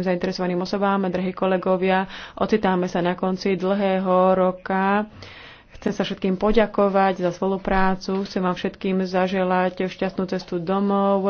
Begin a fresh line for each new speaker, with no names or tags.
zainteresovaným osobám, drahí kolegovia. Ocitáme sa na konci dlhého roka. Chcem sa všetkým poďakovať za spoluprácu, chcem vám všetkým zaželať
šťastnú cestu domov.